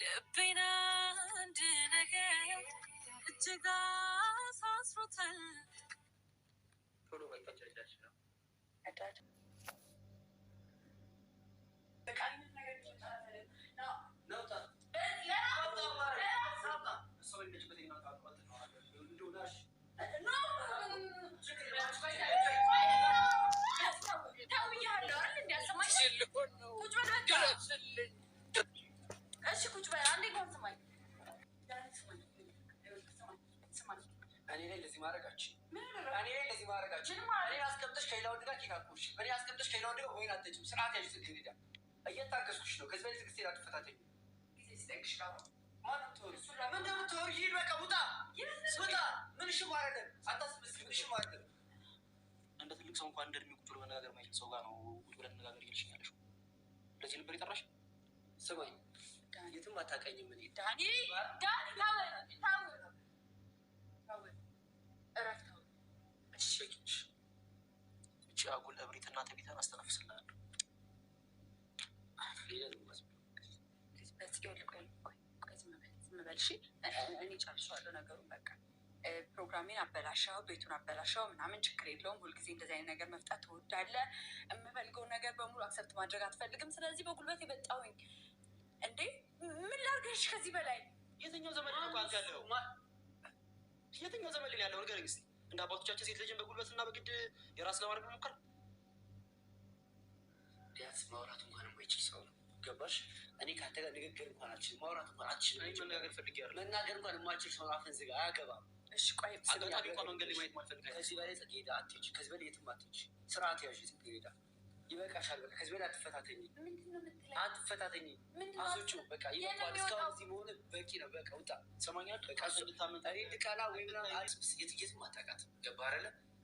ልቤና አንድ ነገር እጅግ አሳስሮታል። እንደዚህ ማድረጋችን እኔ እንደዚህ ማድረጋችን እኔ አስቀምጠሽ ከሌላ ወንድ ጋር ኬክ አትቆርሽ። እኔ አስቀምጠሽ ከሌላ ወንድ ጋር ወይን አትጠጪም። ስርዓት ያዥ። ስልክ ሄዳ እየታገዝኩሽ ነው። ከዚህ በላይ ትግስት አትፈታተኝ። እንደ ትልቅ ሰው እንኳን እንደ ቁጭ ብሎ መነጋገር ማይችል ሰው ጋር ነው ቁጭ ብለን መነጋገር እያልሽኝ ያለሽው። እንደዚህ ነበር የጠራሽ? ስማኝ፣ የትም አታውቃኝም። ዳኒ ዳኒ ቤት እና ቤተን አስተነፍስላለሁ። እኔ ጨርሻለሁ ነገሩን በቃ ፕሮግራሜን አበላሻው፣ ቤቱን አበላሻው ምናምን ችግር የለውም። ሁልጊዜ እንደዚህ አይነት ነገር መፍጣት ትወዳለህ። የምፈልገውን ነገር በሙሉ አክሰብት ማድረግ አትፈልግም። ስለዚህ በጉልበት የመጣውኝ እንዴ ምን ላርገሽ ከዚህ በላይ የትኛው ዘመን ያለው የትኛው ዘመን ያለው ነገር እንደ አባቶቻችን ሴት ልጅን በጉልበትና በግድ የራስ ለማድረግ መሞከር ቢያንስ ማውራት እንኳን የማይችል ሰው ነው። ገባሽ? እኔ ከአንተ ጋር ንግግር እንኳን አልችልም፣ ማውራት እንኳን አልችልም፣ መናገር ፈልጌያለሁ። መናገር እንኳን የማልችል ሰው አፈን ዝጋ፣ አያገባም። እሺ ቆይ አጋጣሚ እንኳን መንገድ ላይ ማየት ማልፈልግ፣ ከዚህ በላይ ጽጌ ሄዳ አትሄጂ፣ ከዚህ በላይ የትም አትሄጂ። ስርዓት ያዥ ጽጌ ሄዳ ይበቃሻል። በቃ ከዚህ በላይ አትፈታተኝ፣ አትፈታተኝ። አሶቹ በቃ ይበቃል። እስካሁን እዚህ መሆን በቂ ነው። በቃ ውጣ። ሰማኛል። በቃ ልታመጣ ቃላ ወይም የትየትም አታውቃትም። ገባ አይደለም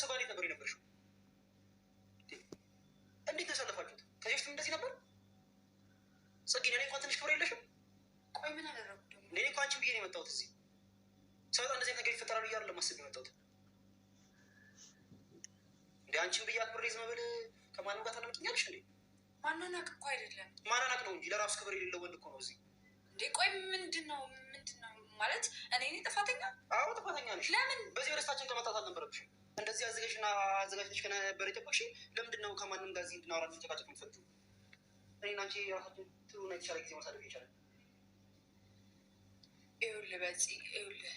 ሰው ጋር ነበር የነበርሽው? እንዴት ተሰለፋችሁት? ከዚህ በፊትም እንደዚህ ነበር? ጽጌ ለእኔ እንኳን ትንሽ ክብር የለሽም። ቆይ ምን አደረጉ እኮ አንቺን ብዬ ነው የመጣሁት እዚህ ሰውጣ እንደዚህ ነገር ይፈጠራሉ እያሉ ለማሰብ የመጣሁት እንደ አንቺን ብዬ አክብሬ ዝም ብል ከማንም ጋር ታለምጥኛለሽ እንዴ? ማናናቅ እኮ አይደለም ማናናቅ ነው እንጂ ለራሱ ክብር የሌለው ወንድ እኮ ነው እዚህ እንዴ። ቆይ ምንድን ነው ምንድን ነው ማለት እኔ እኔ ጥፋተኛ? አዎ ጥፋተኛ ነሽ። ለምን በዚህ በደስታችን ከመጣት አልነበረብሽም እንደዚህ አዘጋጅና አዘጋጅተሽ ከነበረ የጠበቅሽ ለምንድን ነው ከማንም ጋር እዚህ እንድናወራ ተጨቃጨቅ የምትፈልጊው? እኔና አንቺ የራሳችን ነው የተሻለ ጊዜ ማሳደፍ ይቻላል። ይኸውልህ በዚህ ይኸውልህ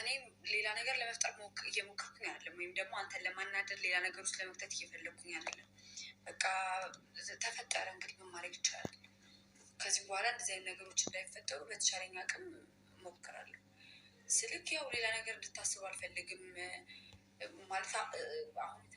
እኔም ሌላ ነገር ለመፍጠር እየሞከርኩኝ አይደለም፣ ወይም ደግሞ አንተን ለማናደድ ሌላ ነገር ውስጥ ለመክተት እየፈለግኩኝ አይደለም። በቃ ተፈጠረ እንግዲህ ምን ማድረግ ይቻላል። ከዚህ በኋላ እንደዚህ አይነት ነገሮች እንዳይፈጠሩ በተቻለኝ አቅም ሞክራለሁ። ስልክ ያው ሌላ ነገር እንድታስብ አልፈልግም። ማለት አሁን